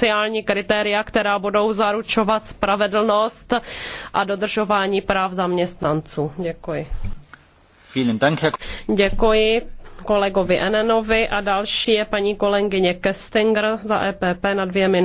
sociální kritéria, která budou zaručovat spravedlnost a dodržování práv zaměstnanců. Děkuji. Děkuji kolegovi Enenovi a další je paní kolegyně Kestinger za EPP na dvě minuty.